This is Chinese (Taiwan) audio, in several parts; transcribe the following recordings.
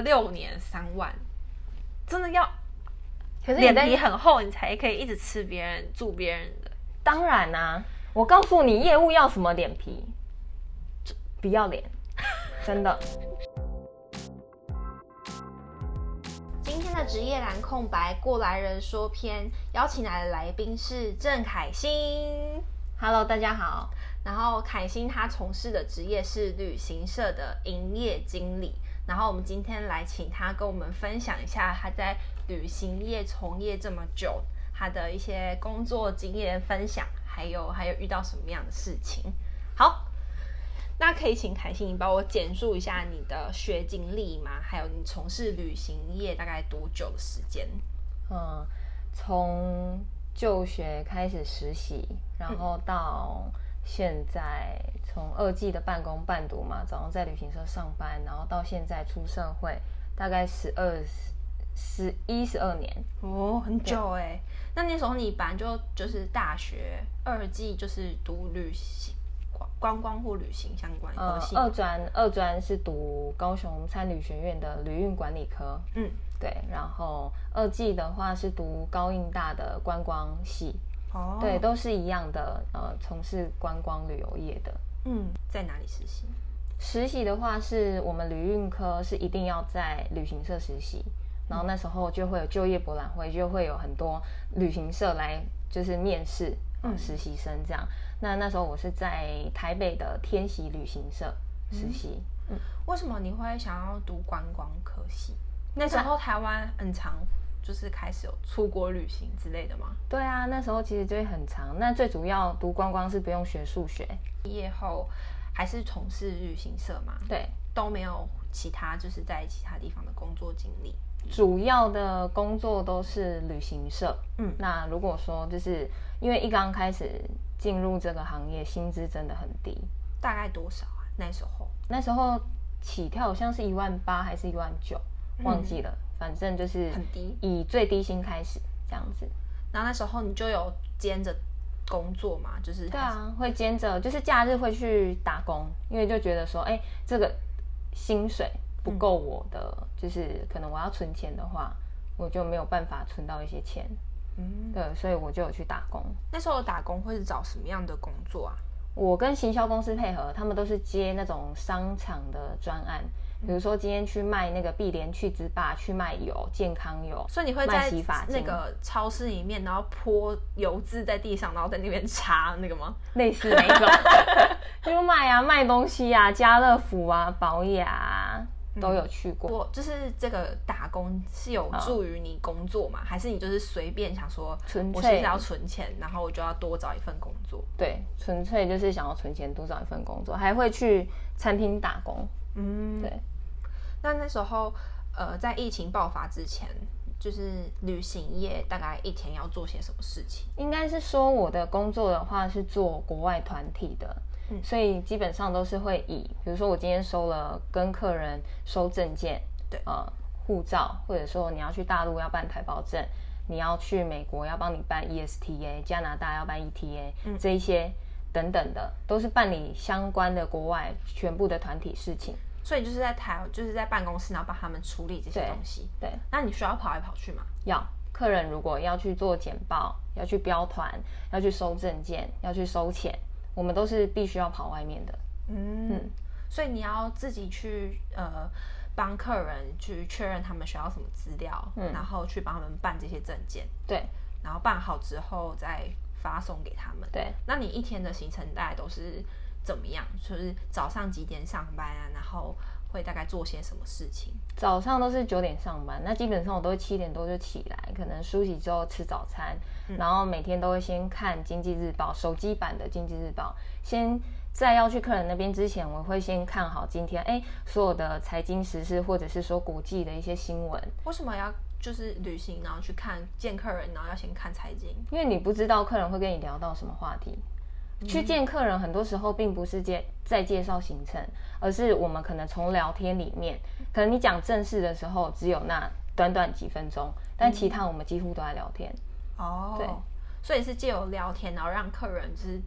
六年三萬，真的要？可是你臉皮很厚，你才可以一直吃別人、住別人的。當然啦、啊，我告訴你，業務要什麼臉皮？就不要臉， 真的。今天的職業欄空白過來人說篇，邀請來的來賓是鄭凱欣。Hello，大家好。然後凱欣他從事的職業是旅行社的營業經理。然後我們今天來請他跟我們分享一下，他在旅行業從業這麼久，他的一些工作經驗分享，還有還有遇到什麼樣的事情。好，那可以請凱欣你幫我簡述一下你的學經歷嗎？還有你從事旅行業大概多久的時間？嗯，從就學開始實習，然後到。嗯現在從二技的半工半讀嘛，早上在旅行社上班，然後到現在出社會，大概十二十一十二年哦，很久哎。對那那時候你本來就就是大學二技就是讀旅行觀光或旅行相關系。呃，二專二專是讀高雄餐旅學院的旅運管理科。嗯，對。然後二技的話是讀高應大的觀光系。Oh. 對，都是一樣的，呃，從事觀光旅遊業的。嗯，在哪裡實習？實習的話，是我們旅運科是一定要在旅行社實習，嗯、然後那時候就會有就業博覽會，就會有很多旅行社來就是面試、呃、實習生這樣。嗯、那那時候我是在台北的天喜旅行社實習。嗯，嗯為什麼你會想要讀觀光科系？那時候台灣很長。就是開始有出國旅行之類的嗎？對啊，那時候其實就會很長。那最主要讀光光是不用學數學，畢業後還是從事旅行社嘛？對，都沒有其他就是在其他地方的工作經歷，主要的工作都是旅行社。嗯，那如果說就是因為一剛開始進入這個行業，薪資真的很低，大概多少啊？那時候那時候起跳好像是一萬八還是一萬九，忘記了。嗯反正就是很低，以最低薪開始這樣子。那那時候你就有兼着工作嘛，就是對啊，會兼着，就是假日會去打工，因為就覺得說，哎，這個薪水不夠我的，就是可能我要存錢的話，我就沒有辦法存到一些錢。嗯，對，所以我就有去打工。那時候打工會是找什麼樣的工作啊？我跟行銷公司配合，他們都是接那種商場的專案。比如說今天去賣那個碧蓮去漬霸，去賣油健康油，所以你會在那個超市裡面，然後潑油漬在地上，然後在那邊擦那個嗎？類似那種，就賣啊，賣東西啊，家樂福啊，寶雅啊。都有去過。嗯。就是這個打工是有助於你工作嘛？啊、還是你就是隨便想說，純粹我是要存錢，然後我就要多找一份工作？對，純粹就是想要存錢，多找一份工作。還會去餐廳打工？嗯，對。那那時候，呃，在疫情爆發之前，就是旅行業大概一天要做些什麼事情？應該是說我的工作的話是做國外團體的，嗯，所以基本上都是會以，比如說我今天收了跟客人收證件，對，呃，護照，或者說你要去大陸要辦台胞證，你要去美國要幫你辦 ESTA，加拿大要辦 ETA，嗯，這一些等等的，都是辦理相關的國外全部的團體事情。所以就是在臺，就是在辦公室，然後幫他們處理這些東西。對，對，那你需要跑來跑去嗎？要，客人如果要去做簡報，要去標團，要去收證件，要去收錢，我們都是必須要跑外面的。嗯，嗯，所以你要自己去呃，幫客人去確認他們需要什麼資料，嗯、然後去幫他們辦這些證件。對，然後辦好之後再發送給他們。對，那你一天的行程大概都是？怎麼樣？就是早上幾點上班啊？然後會大概做些什麼事情？早上都是九點上班，那基本上我都七點多就起來，可能梳洗之後吃早餐，嗯、然後每天都會先看《經濟日報》手機版的《經濟日報》，先在要去客人那邊之前，我會先看好今天誒所有的財經時事或者是說國際的一些新聞。為什麼要就是旅行然後去看見客人，然後要先看財經？因為你不知道客人會跟你聊到什麼話題。嗯、去見客人，很多時候並不是介在介紹行程，而是我們可能從聊天裡面，可能你講正事的時候只有那短短幾分鐘，但其他我們幾乎都在聊天。嗯、對哦，對，所以是借由聊天，然後讓客人就是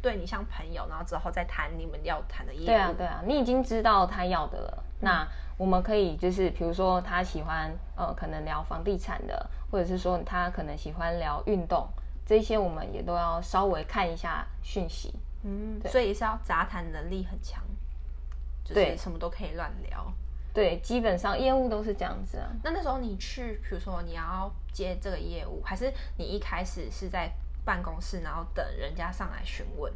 對你像朋友，然後之後再談你們要談的業務。對啊，對啊，你已經知道他要的了。嗯、那我們可以就是，比如說他喜歡呃，可能聊房地產的，或者是說他可能喜歡聊運動。這些我們也都要稍微看一下訊息，嗯，所以是要雜談能力很強，對、就是，什麼都可以亂聊，對，對，基本上業務都是這樣子啊。那那時候你去，比如說你要接這個業務，還是你一開始是在辦公室，然後等人家上來詢問？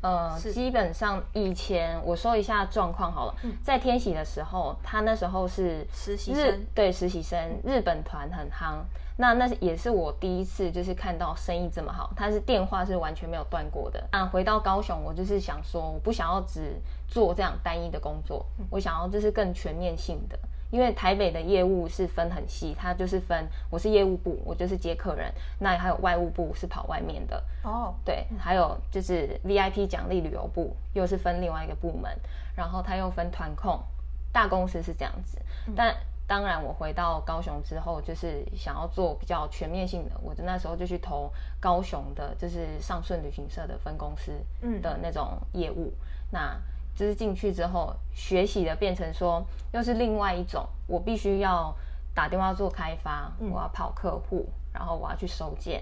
呃，是基本上以前我說一下狀況好了，嗯、在天喜的時候，他那時候是實習生，對實習生、嗯、日本團很夯。那那也是我第一次就是看到生意這麼好，他是電話是完全沒有斷過的。啊，回到高雄，我就是想說，我不想要只做這樣單一的工作，嗯、我想要就是更全面性的。因為台北的業務是分很細，它就是分我是業務部，我就是接客人，那還有外務部是跑外面的哦，Oh. 對，還有就是 VIP 獎勵旅遊部又是分另外一個部門，然後它又分團控，大公司是這樣子。嗯、但當然我回到高雄之後，就是想要做比較全面性的，我就那時候就去投高雄的，就是上順旅行社的分公司，嗯的那種業務，嗯、那。就是進去之後學習的變成說又是另外一種，我必須要打電話做開發，嗯、我要跑客戶，然後我要去收件，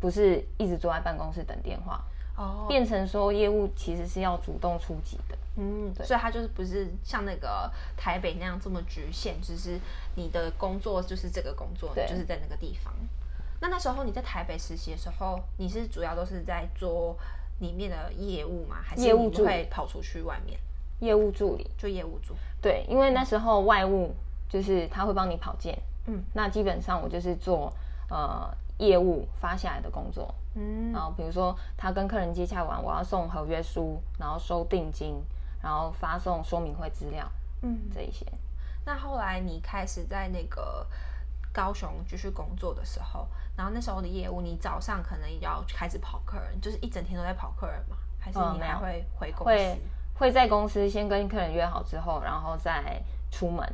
不是一直坐在辦公室等電話哦，變成說業務其實是要主動出擊的，嗯，對所以它就是不是像那個台北那樣這麼局限，只，就是你的工作就是這個工作，對就是在那個地方。那那時候你在台北實習的時候，你是主要都是在做裡面的業務嗎？還是會跑出去外面？業務助理就業務助理對，因為那時候外務就是他會幫你跑件，嗯，那基本上我就是做呃業務發下來的工作，嗯，然後比如說他跟客人接洽完，我要送合約書，然後收定金，然後發送說明會資料，嗯，這一些。那後來你開始在那個。高雄繼續工作的時候，然後那時候的業務，你早上可能也要開始跑客人，就是一整天都在跑客人嘛？還是你們會回公司、嗯會？會在公司先跟客人約好之後，然後再出門。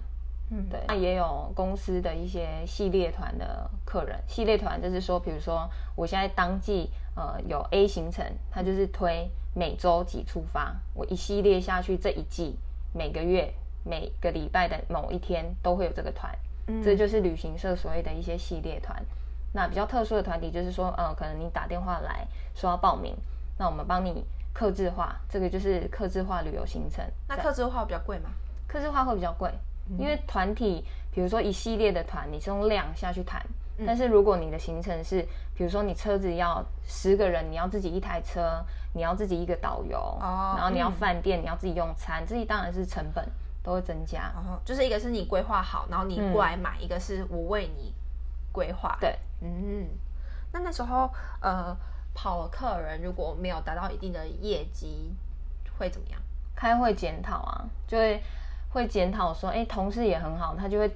嗯，對。那、啊、也有公司的一些系列團的客人，系列團就是說，比如說我現在當季呃有 A 行程，他就是推每週幾出發，我一系列下去這一季每個月每個禮拜的某一天都會有這個團。嗯、這就是旅行社所謂的一些系列團，那比較特殊的團體就是說，呃，可能你打電話來說要報名，那我們幫你客制化，這個就是客制化旅遊行程。那客制化比較貴嗎？客制化會比較貴，嗯、因為團體，比如說一系列的團，你是用量下去談，嗯、但是如果你的行程是，比如說你車子要十個人，你要自己一台車，你要自己一個導遊，哦、然後你要飯店，嗯、你要自己用餐，這當然是成本。都會增加、哦，就是一個是你規劃好，然後你過來買；一個是我為你規劃。嗯、對，嗯，那那時候，呃，跑客人如果沒有達到一定的業績，會怎麼樣？開會檢討啊，就會會檢討說，哎，同事也很好，他就會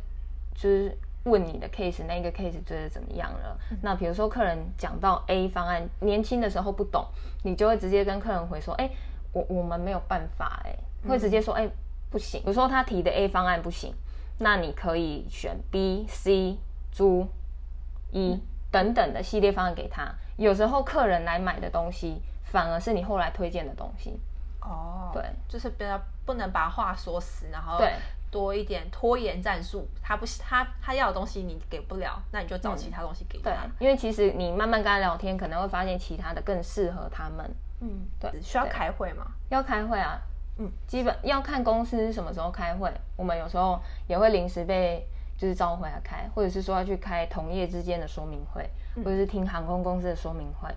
就是問你的 case，那一個 case 追得怎麼樣了？嗯、那比如說客人講到 A 方案，年輕的時候不懂，你就會直接跟客人回說，哎，我我們沒有辦法、欸，哎、嗯，會直接說，哎。不行，比如說他提的 A 方案不行，那你可以選 B、C、租、E 等等的系列方案給他。有時候客人來買的東西，反而是你後來推薦的東西。哦，對，就是不要、不能把話說死，然後多一點拖延戰術。對，他不、他他要的東西你給不了，那你就找其他東西給他。嗯、對，因為其實你慢慢跟他聊天，可能會發現其他的更適合他們。嗯，對，需要開會嗎？要開會啊。嗯，基本要看公司什麼時候開會，我們有時候也會臨時被就是召回來開，或者是說要去開同業之間的說明會，或者是聽航空公司的說明會，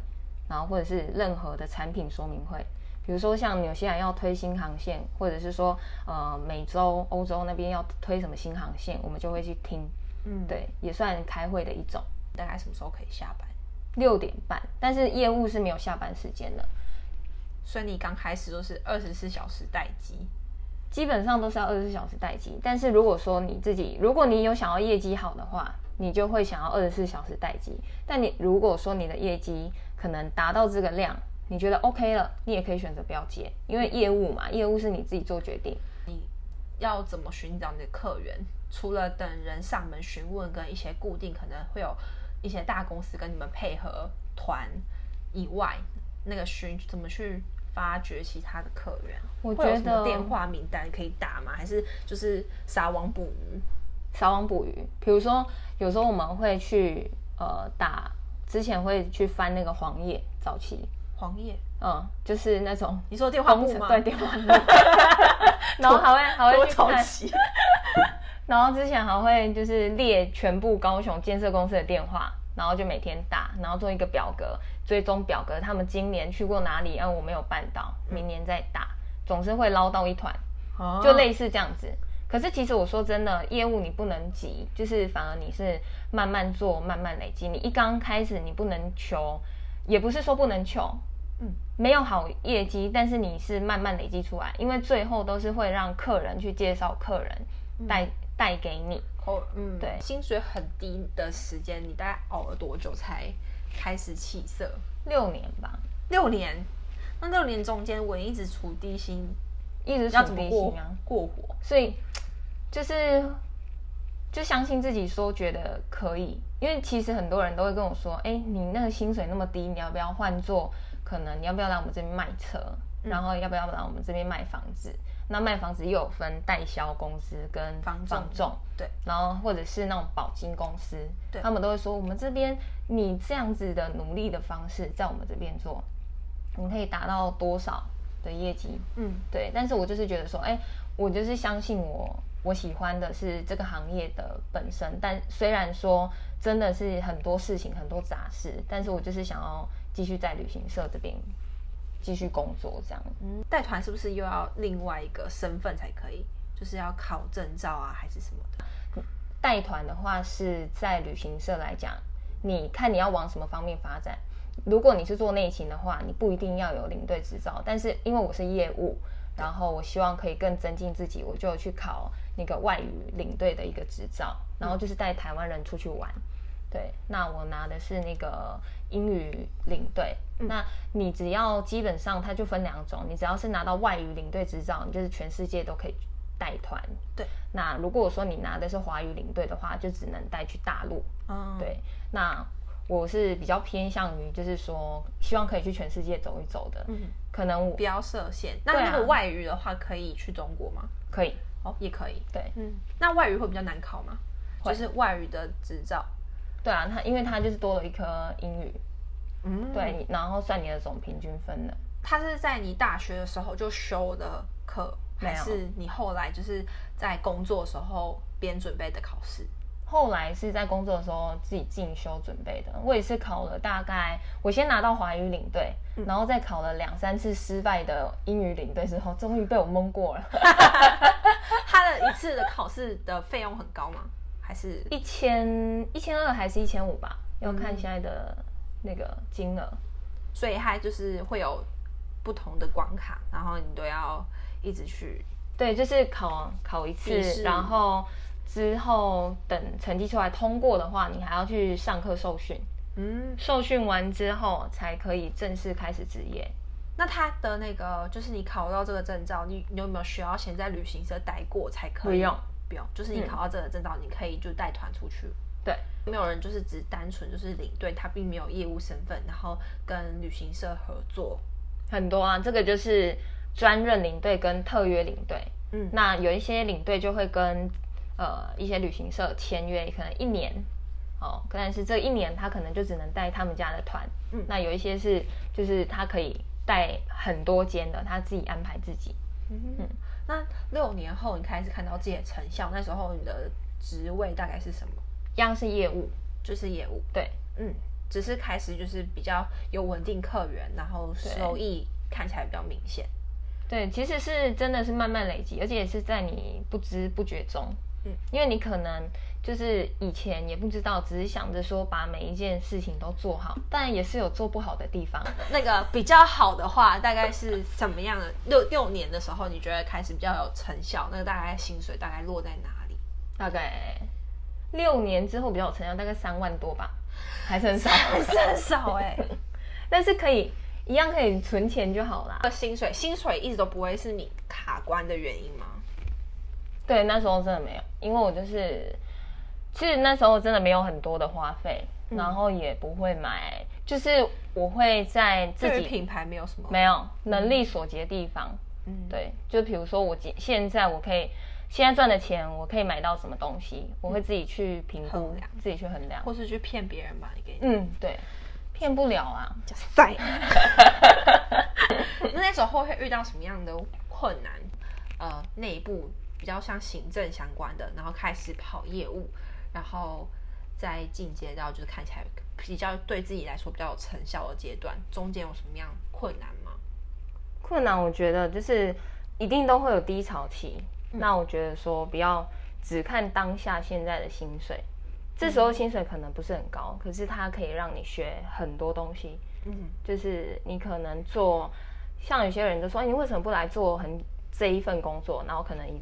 然後或者是任何的產品說明會，比如說像有些人要推新航線，或者是說呃美洲、歐洲那邊要推什麼新航線，我們就會去聽。嗯，對，也算開會的一種。大概什麼時候可以下班？六點半，但是業務是沒有下班時間的。所以你剛開始都是二十四小時待機，基本上都是要二十四小時待機。但是如果說你自己，如果你有想要業績好的話，你就會想要二十四小時待機。但你如果說你的業績可能達到這個量，你覺得 OK 了，你也可以選擇不要接，因為業務嘛，業務是你自己做決定。你要怎麼尋找你的客源？除了等人上門詢問，跟一些固定可能會有一些大公司跟你們配合團以外，那個尋怎麼去？發掘其他的客源，我覺得電話名單可以打嗎？還是就是撒網捕魚？撒網捕魚，比如說有時候我們會去呃打，之前會去翻那個黃頁，早期黃頁野，嗯，就是那種你說電話簿嗎？對，電話簿，然後還會 還會去抄起， 然後之前還會就是列全部高雄建設公司的電話，然後就每天打，然後做一個表格。最終表格，他們今年去過哪裡、啊？而我沒有辦到，明年再打，總是會撈到一團，就類似這樣子。可是其實我說真的，業務你不能急，就是反而你是慢慢做，慢慢累積。你一剛開始，你不能求，也不是說不能求，沒有好業績，但是你是慢慢累積出來，因為最後都是會讓客人去介紹客人帶帶給你對、哦。對、嗯，薪水很低的時間，你大概熬了多久才？開始起色，六年吧，六年，那六年中間，我一直處低薪，一直處低薪啊，過火，所以就是就相信自己說覺得可以，因為其實很多人都會跟我說，哎、欸，你那個薪水那麼低，你要不要換做，可能你要不要來我們這邊賣車，嗯、然後要不要來我們這邊賣房子？那賣房子又有分代銷公司跟房仲房仲對，然後或者是那種保金公司，對，他們都會說，我們這邊，你這樣子的努力的方式在我們這邊做，你可以達到多少的業績？嗯，對。但是我就是覺得說，哎，我就是相信我，我喜歡的是這個行業的本身。但雖然說真的是很多事情很多雜事，但是我就是想要繼續在旅行社這邊。繼續工作這樣，嗯，帶團是不是又要另外一個身份才可以？就是要考證照啊，還是什麼的？帶團的話是在旅行社來講，你看你要往什麼方面發展。如果你是做內勤的話，你不一定要有領隊執照。但是因為我是業務，對然後我希望可以更增進自己，我就去考那個外語領隊的一個執照，嗯，然後就是帶台灣人出去玩。對，那我拿的是那個英語領隊。那你只要基本上，它就分兩種，你只要是拿到外語領隊執照，你就是全世界都可以帶團。對，那如果說你拿的是華語領隊的話，就只能帶去大陸。嗯，對。那我是比較偏向於，就是說希望可以去全世界走一走的。嗯，可能我比較受限。那那個外語的話，可以去中國嗎？可以，哦，也可以。對，嗯。那外語會比較難考嗎？就是外語的執照。對啊，他因為他就是多了一科英語，嗯，對你，然後算你的總平均分了。他是在你大學的時候就修的課，有還是你後來就是在工作的時候邊準備的考試？後來是在工作的時候自己進修準備的。我也是考了大概，我先拿到華語領隊，嗯，然後再考了兩三次失敗的英語領隊之後，終於被我蒙過了。 他的一次的考試的費用很高嗎？還是一千一千二還是一千五吧？嗯、要看現在的那個金額。所以還就是會有不同的關卡，然後你都要一直去。對，就是考考一次，試然後之後等成績出來通過的話，你還要去上課受訓。嗯。受訓完之後才可以正式開始執業。那他的那個就是你考到這個證照，你你有沒有需要先在旅行社待過才可以？不用。就是你考到這個證照，你可以就帶團出去。嗯。對，沒有人就是只單純就是領隊，他並沒有業務身份，然後跟旅行社合作很多啊。這個就是專任領隊跟特約領隊。嗯，那有一些領隊就會跟呃一些旅行社簽約，可能一年哦，但是這一年他可能就只能帶他們家的團。嗯，那有一些是就是他可以帶很多間的，他自己安排自己。嗯哼，嗯。那六年後，你開始看到自己的成效，那時候你的職位大概是什麼？一樣是業務，就是業務。對，嗯，只是開始就是比較有穩定客源，然後收益看起來比較明顯。對，對，其實是真的是慢慢累積，而且也是在你不知不覺中。嗯，因為你可能就是以前也不知道，只是想着說把每一件事情都做好，但也是有做不好的地方。那個比較好的話，大概是什麼樣的？六六年的時候，你覺得開始比較有成效，那個大概薪水大概落在哪裡？大概六年之後比較有成效，大概三萬多吧，還是很少， 3, 少、欸，還是很少哎。但是可以一樣可以存錢就好啦。那個薪水薪水一直都不會是你卡關的原因嗎？對，那時候真的沒有，因為我就是，其實那時候真的沒有很多的花費，嗯、然後也不會買，就是我會在自己品牌沒有什麼，沒有能力所及的地方，嗯，對，就比如說我現在我可以現在賺的錢，我可以買到什麼東西，嗯、我會自己去評估，衡量、自己去衡量，或是去騙別人吧，你給你，嗯，對，騙不了啊，就曬。那那時候會遇到什麼樣的困難？呃，內部。比較像行政相關的，然後開始跑業務，然後再進階到就是看起來比較對自己來說比較有成效的階段。中間有什麼樣困難嗎？困難，我覺得就是一定都會有低潮期。嗯、那我覺得說不要只看當下現在的薪水，嗯、這時候薪水可能不是很高，可是它可以讓你學很多東西。嗯，就是你可能做像有些人就說：“哎，你為什麼不來做很這一份工作？”然後可能一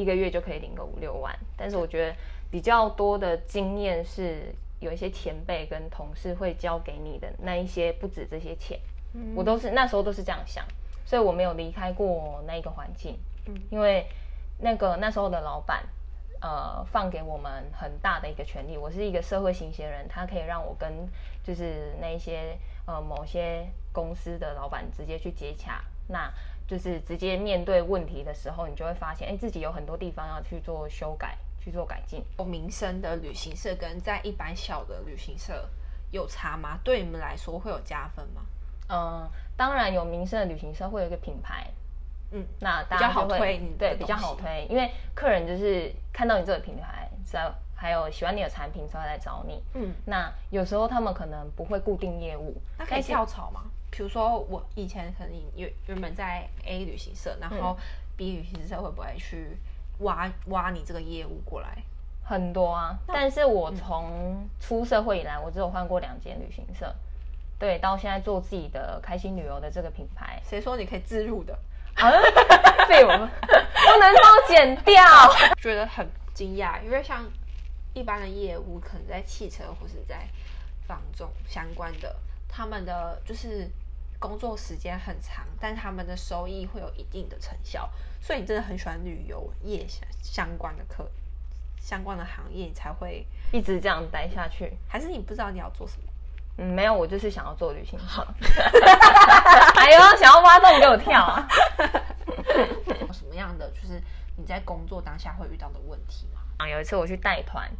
一個月就可以領個五六萬，但是我覺得比較多的經驗是有一些前輩跟同事會教給你的那一些不止這些錢，嗯、我都是那時候都是這樣想，所以我沒有離開過那一個環境，嗯、因為那個那時候的老板呃放給我們很大的一個權利，我是一個社會新鮮人，他可以讓我跟就是那一些呃某些公司的老板直接去接洽。那就是直接面對問題的時候，你就會發現，哎，自己有很多地方要去做修改，去做改進。有名聲的旅行社跟在一般小的旅行社有差嗎？對你們來說會有加分嗎？嗯，當然有名聲的旅行社會有一個品牌，嗯，那大家比較好推，對，比較好推，因為客人就是看到你這個品牌，所還有喜歡你的產品才會來找你。嗯，那有時候他們可能不會固定業務，那可以跳槽嗎？比如說，我以前可能原原本在 A 旅行社，嗯、然後 B 旅行社會不會去挖挖你這個業務過來？很多啊！那但是我從出社會以來，我只有換過兩間旅行社，嗯、對，到現在做自己的開心旅遊的這個品牌。誰說你可以自入的啊？廢話，不能幫我剪掉， 覺得很驚訝，因為像一般的業務，可能在汽車或是在房仲相關的。他們的就是工作時間很長，但他們的收益會有一定的成效，所以你真的很喜歡旅遊業相關的課、相關的行業你才會一直這樣待下去。還是你不知道你要做什麼？嗯，沒有，我就是想要做旅行、行。還有、 哎呦，想要挖洞給我跳啊！有 什麼樣的就是你在工作當下會遇到的問題嗎？啊，有一次我去帶團，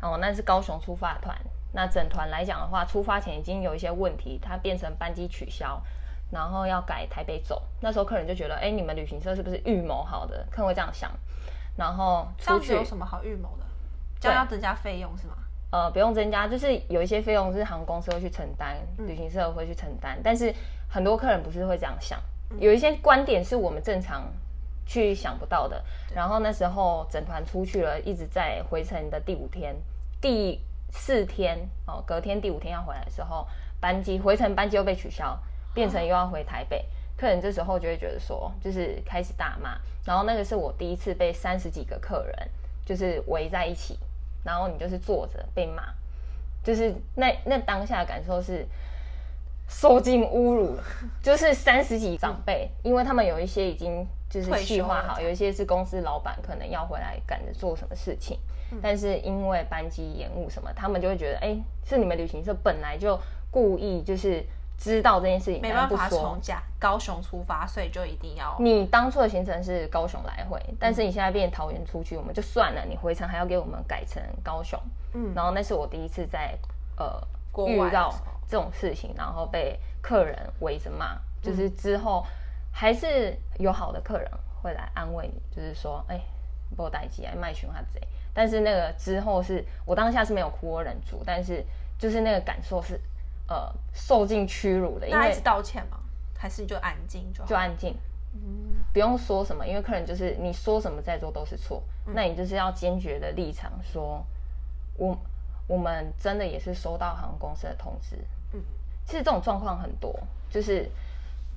哦，那是高雄出發的團。那整團來講的話，出發前已經有一些問題，它變成班機取消，然後要改台北走。那時候客人就覺得，哎、欸，你們旅行社是不是預謀好的？客人會這樣想。然後出，上去有什麼好預謀的？就對要增加費用是嗎？呃，不用增加，就是有一些費用，是航空公司會去承擔，嗯、旅行社會去承擔。但是很多客人不是會這樣想，嗯、有一些觀點是我們正常去想不到的。對然後那時候整團出去了，一直在回程的第五天，第。四天哦，隔天第五天要回來的時候，班機回程班機又被取消，變成又要回台北。哦、客人這時候就會覺得說，就是開始大罵。然後那個是我第一次被三十幾個客人就是圍在一起，然後你就是坐着被罵，就是那那當下的感受是受盡侮辱， 就是三十幾長輩，因為他們有一些已經。就是計劃好，有一些是公司老板可能要回來趕着做什麼事情，嗯、但是因為班機延誤什麼，他們就會覺得，哎、欸，是你們旅行社本來就故意就是知道這件事情，沒辦法從假高雄出發，所以就一定要你當初的行程是高雄來回，嗯、但是你現在變成桃園出去，我們就算了，你回程還要給我們改成高雄，嗯，然後那是我第一次在呃國遇到這種事情，然後被客人圍着罵，嗯、就是之後。還是有好的客人會來安慰你，就是說，哎，莫代誌，哎，賣群話賊。但是那個之後是，我當下是沒有哭，我忍住。但是就是那個感受是，呃，受盡屈辱的。因為那一直道歉嘛，還是就安靜就？就安靜。嗯。不用說什麼，因為客人就是你說什麼在做都是錯，嗯。那你就是要堅決的立場說，我我們真的也是收到航空公司的通知。嗯。其實這種狀況很多，就是。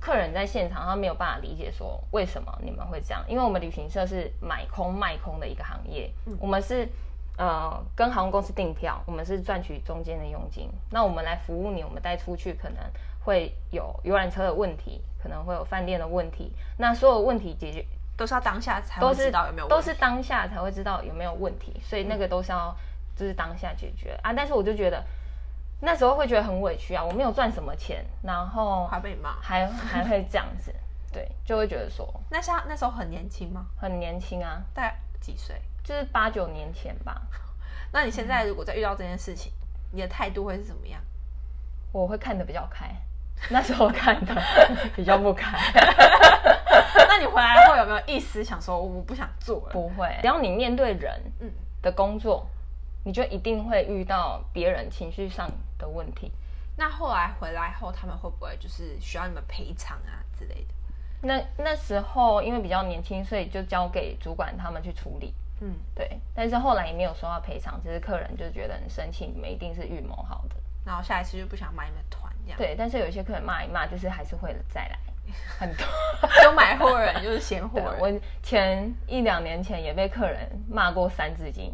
客人在現場，他沒有辦法理解說為什麼你們會這樣，因為我們旅行社是買空賣空的一個行業，嗯、我們是呃跟航空公司訂票，我們是賺取中間的佣金。那我們來服務你，我們帶出去可能會有遊覽車的問題，可能會有飯店的問題，那所有問題解決都是要當下才會知道有沒有問題，都是當下才會知道有沒有問題，嗯、所以那個都是要就是當下解決啊。但是我就覺得。那時候會覺得很委屈啊，我沒有賺什麼錢，然後還被罵，還還會這樣子，對，就會覺得說，那像那時候很年輕嗎？很年輕啊，大概幾歲？就是八九年前吧。那你現在如果再遇到這件事情，你的態度會是怎麼樣？我會看得比較開，那時候看得比較不開。那你回來後有沒有意思想說我不想做了？不會，只要你面對人，的工作，你就一定會遇到別人情緒上。的問題，那後來回來後，他們會不會就是需要你們賠償啊之類的？那那時候因為比較年輕，所以就交給主管他們去處理。嗯，對。但是後來也沒有收到賠償，只、就是客人就覺得很生氣，你們一定是預謀好的。然後下一次就不想買你們團這樣。對，但是有些客人罵一罵，就是還是會再來很多。有買貨人就是嫌貨。我前一兩年前也被客人罵過《三字經》，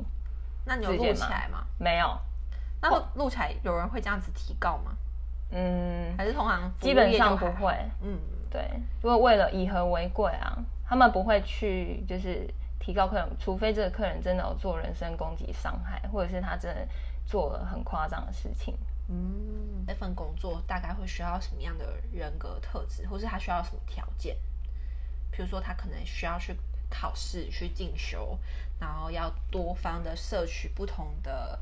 那你有錄起來嗎？沒有。那錄才有人會這樣子提告嗎？嗯，還是同行基本上不會。嗯，對，因為為了以和為貴啊，他們不會去就是提告客人，除非這個客人真的有做人身攻擊傷害，或者是他真的做了很誇張的事情。嗯，這份工作大概會需要什麼樣的人格特質，或是他需要什麼條件？譬如說，他可能需要去考試、去進修，然後要多方的攝取不同的。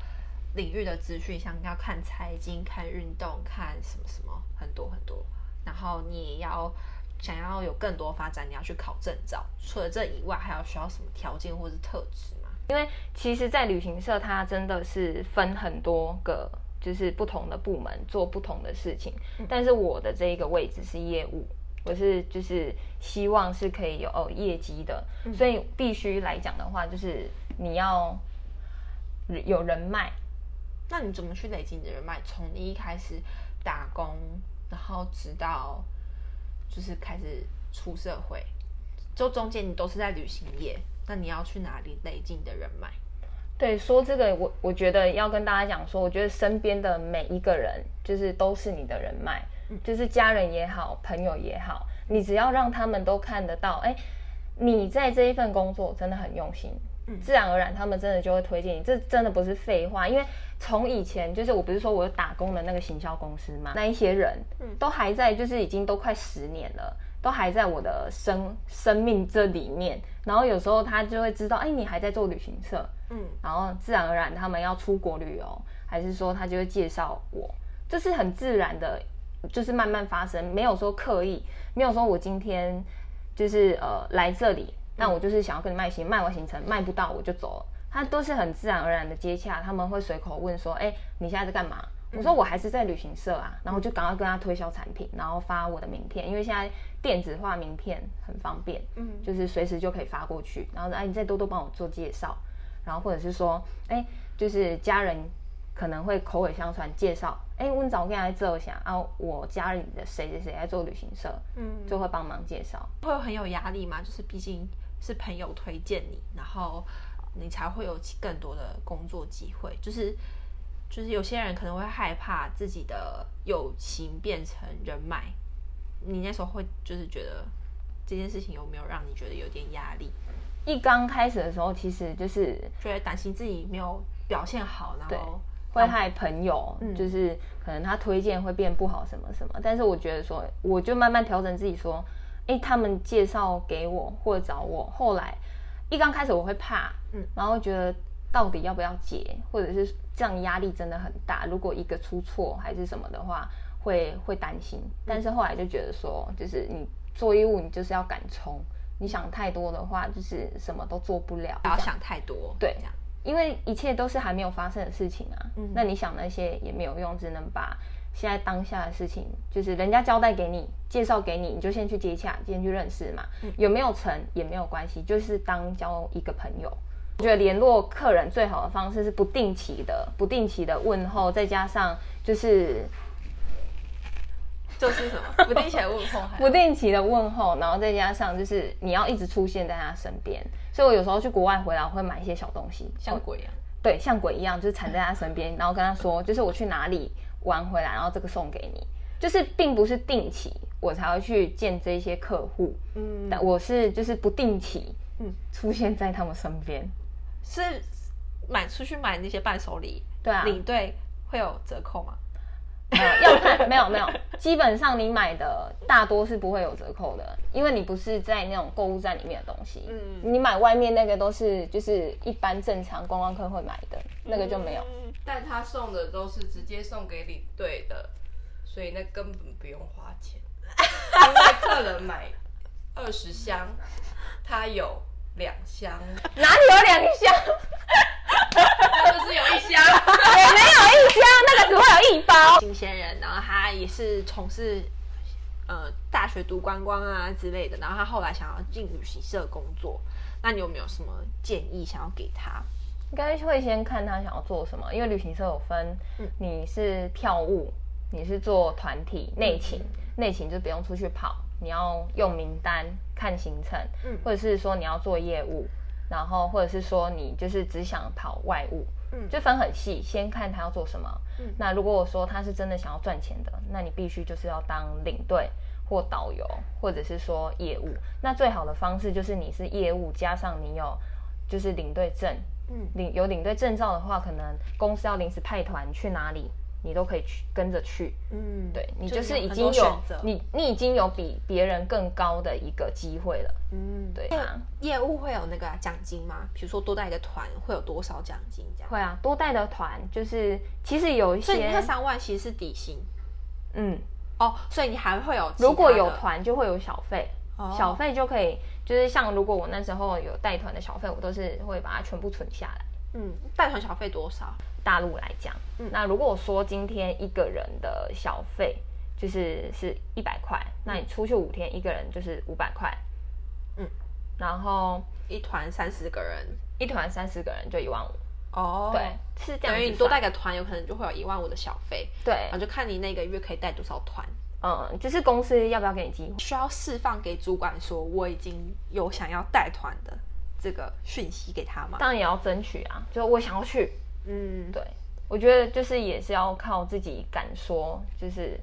領域的資訊，像要看財經、看運動、看什麼什麼，很多很多。然後你也要想要有更多發展，你要去考證照。除了這以外，還要需要什麼條件或是特質嗎？因為其實，在旅行社它真的是分很多個，就是不同的部門做不同的事情。嗯、但是我的這一個位置是業務，我是就是希望是可以有哦業績的，嗯、所以必須來講的話，就是你要有人脈。那你怎麼去累積你的人脈？從一開始打工，然後直到就是開始出社會，就中間你都是在旅行業。那你要去哪裡累積你的人脈？對，說這個我我覺得要跟大家講說，我覺得身邊的每一個人就是都是你的人脈，嗯、就是家人也好，朋友也好，你只要讓他們都看得到，哎，你在這一份工作真的很用心。自然而然，他們真的就會推薦你，這真的不是廢話。因為從以前就是，我不是說我有打工的那個行銷公司嘛，那一些人都還在，就是已經都快十年了，都還在我的生生命這裡面。然後有時候他就會知道，哎，你還在做旅行社，嗯，然後自然而然他們要出國旅遊，還是說他就會介紹我，這是很自然的，就是慢慢發生，沒有說刻意，沒有說我今天就是呃來這裡。那、嗯、我就是想要跟你賣行，賣完行程賣不到我就走了。他都是很自然而然的接洽，他們會隨口問說：“哎、欸，你現在在幹嘛？”嗯、我說：“我還是在旅行社啊。”然後就趕快跟他推銷產品，嗯、然後發我的名片，因為現在電子化名片很方便，嗯，就是隨時就可以發過去。然後，哎、欸，你再多多幫我做介紹，然後或者是說，哎、欸，就是家人可能會口耳相傳介紹，哎、欸，問早我跟誰在做下。啊，我家裡的誰誰誰在做旅行社，嗯，就會幫忙介紹。會很有壓力嗎？就是畢竟。是朋友推薦你，然後你才會有更多的工作機會。就是就是，有些人可能會害怕自己的友情變成人脈。你那時候會就是覺得這件事情有沒有讓你覺得有點壓力？一剛開始的時候，其實就是覺得擔心自己沒有表現好，然後會害朋友，後嗯，就是可能他推薦會變不好什麼什麼。但是我覺得說，我就慢慢調整自己說。哎、欸，他們介紹給我或者找我，後來一剛開始我會怕，嗯，然後覺得到底要不要接或者是這樣，壓力真的很大。如果一個出錯還是什麼的話，會會擔心。但是後來就覺得說，嗯、就是你做業務，你就是要敢衝，嗯、你想太多的話，就是什麼都做不了。不要想太多，這樣對，這樣因為一切都是還沒有發生的事情啊。嗯、那你想那些也沒有用，只能把。現在當下的事情就是人家交代給你，介紹給你，你就先去接洽，先去認識嘛。嗯、有沒有成也沒有關係，就是當交一個朋友。嗯、我覺得聯絡客人最好的方式是不定期的、不定期的問候，再加上就是就是什麼 不定期的問候還， 不定期的問候，然後再加上就是你要一直出現在他身邊。所以我有時候去國外回來我會買一些小東西，像鬼一樣、啊，對，像鬼一樣，就是纏在他身邊， 然後跟他說，就是我去哪裡。玩回來，然後這個送給你，就是並不是定期我才會去見這些客戶，嗯，但我是就是不定期，嗯，出現在他們身邊，嗯，是買出去買那些伴手禮，對啊，領隊會有折扣嗎？ 呃、要看沒有沒有，基本上你買的大多是不會有折扣的，因為你不是在那種購物站裡面的東西。嗯，你買外面那個都是就是一般正常觀光客會買的，嗯，那個就沒有，但他送的都是直接送給你，對的，所以那根本不用花錢， 因為客人買二十箱，他有。兩箱、嗯？哪裡有兩箱？ 就是有一箱，我 沒有一箱，那個只會有一包。新鮮人，然後他也是從事呃大學讀觀光啊之類的，然後他後來想要進旅行社工作。那你有沒有什麼建議想要給他？應該會先看他想要做什麼，因為旅行社有分，嗯、你是票務，你是做團體，內勤，嗯、內勤就不用出去跑。你要用名單看行程，嗯，或者是說你要做業務，然後或者是說你就是只想跑外務，嗯，就分很細，先看他要做什麼。嗯，那如果我說他是真的想要賺錢的，那你必須就是要當領隊或導遊，或者是說業務。嗯，那最好的方式就是你是業務加上你有就是領隊證，嗯，領有領隊證照的話，可能公司要臨時派團去哪裡。你都可以去跟着去，嗯，對，你就是已經有，有你你已經有比別人更高的一個機會了，嗯，對啊。業務會有那個獎金嗎？比如說多帶一個團會有多少獎金這樣？會啊，多帶的團就是其實有一些，所以那三萬其實是底薪，嗯，哦，所以你還會有，如果有團就會有小費，哦、小費就可以就是像如果我那時候有帶團的小費，我都是會把它全部存下來。嗯，帶團小費多少？大陸來講，嗯，那如果我說今天一個人的小費就是是一百塊，嗯，那你出去五天，一個人就是五百塊，嗯，然後一團三十個人，一團三十個人就一萬五，哦，對，是這樣，等於你多帶個團，有可能就會有一萬五的小費，對，然後就看你那個月可以帶多少團，嗯，就是公司要不要給你機會，需要釋放給主管說，我已經有想要帶團的。這個訊息給他嘛？當然也要爭取啊！就我想要去，嗯，對，我覺得就是也是要靠自己敢說，就是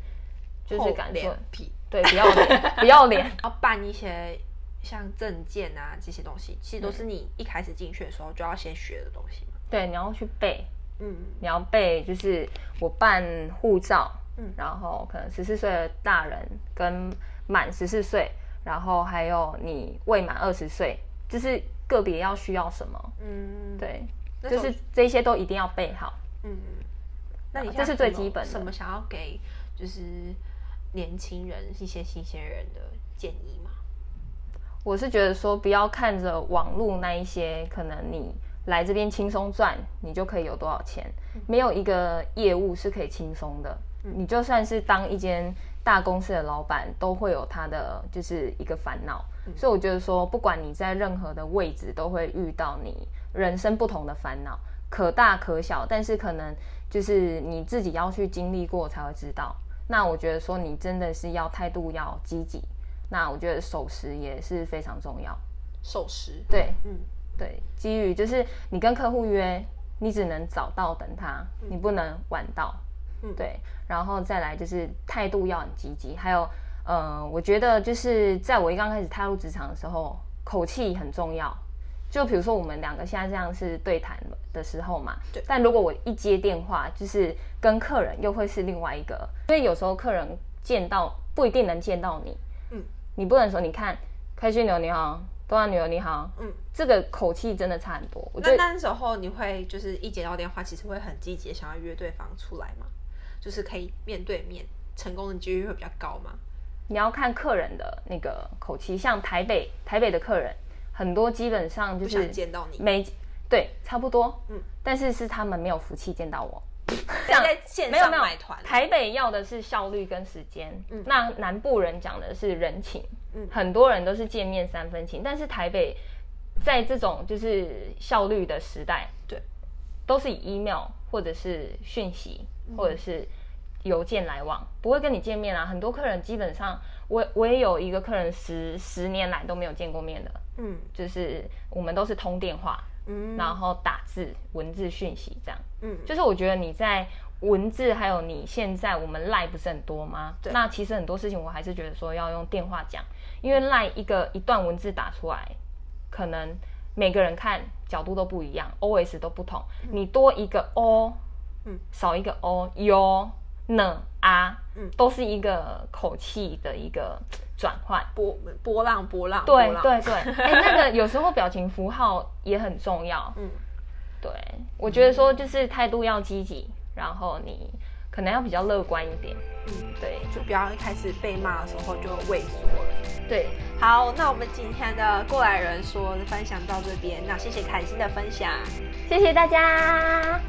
透 就是敢說皮對，不要臉， 不要臉，要辦一些像證件啊這些東西，其實都是你一開始進去的時候就要先學的東西。嗯，對，你要去背，嗯，你要背就是我辦護照，嗯，然後可能十四歲的大人跟滿十四歲，然後還有你未滿二十歲，就是。個別要需要什麼？嗯，對，從就是這些都一定要備好。嗯，那你這是最基本的。那你什。什麼想要給就是年輕人一些新鮮人的建議嗎？我是覺得說，不要看着網絡那一些，可能你來這邊輕鬆賺，你就可以有多少錢。沒有一個業務是可以輕鬆的。嗯。你就算是當一間大公司的老闆，都會有他的就是一個煩惱。所以我覺得說，不管你在任何的位置，都會遇到你人生不同的煩惱，可大可小，但是可能就是你自己要去經歷過才會知道。那我覺得說，你真的是要態度要積極，那我覺得守時也是非常重要。守時，對，嗯，對，基於就是你跟客戶約，你只能早到等他，你不能晚到，嗯、對，然後再來就是態度要很積極，還有。呃、嗯，我覺得就是在我一剛開始踏入職場的時候，口氣很重要。就比如說我們兩個現在這樣是對談的時候嘛，對。但如果我一接電話，就是跟客人又會是另外一個。因為有時候客人見到不一定能見到你，嗯。你不能說你看、嗯、開心旅遊你好，東南旅遊你好，嗯。這個口氣真的差很多。我覺得那時候你會就是一接到電話，其實會很積極想要約對方出來嘛，就是可以面對面，成功的幾率會比較高嘛。你要看客人的那個口氣，像台北台北的客人，很多基本上就是沒見到你對差不多，嗯、但是是他們沒有福氣見到我，在 像線上買團沒有沒有。台北要的是效率跟時間，嗯、那南部人講的是人情，嗯、很多人都是見面三分情，但是台北在這種就是效率的時代，對，都是以 email 或者是訊息、嗯、或者是。郵件來往，不會跟你見面啊，很多客人基本上我我也有一個客人十十年來都沒有見過面的，嗯，就是我們都是通電話，嗯，然後打字文字訊息這樣，嗯，就是我覺得你在文字還有你現在我們 LINE 不是很多嗎？對那其實很多事情我還是覺得說要用電話講，因為 LINE 一個一段文字打出來，可能每個人看角度都不一樣，O S 都不同，嗯、你多一個 O，嗯，少一個 O U。呢啊，嗯，都是一個口氣的一個轉換，波波浪波浪，浪對，浪對對對，哎、 欸，那個有時候表情符號也很重要，嗯，對，我覺得說就是態度要積極，然後你可能要比較樂觀一點，嗯，對，就不要一開始被罵的時候就會畏縮了，嗯、對，好，那我們今天的過來人說的分享到這邊，那謝謝凱欣的分享，謝謝大家。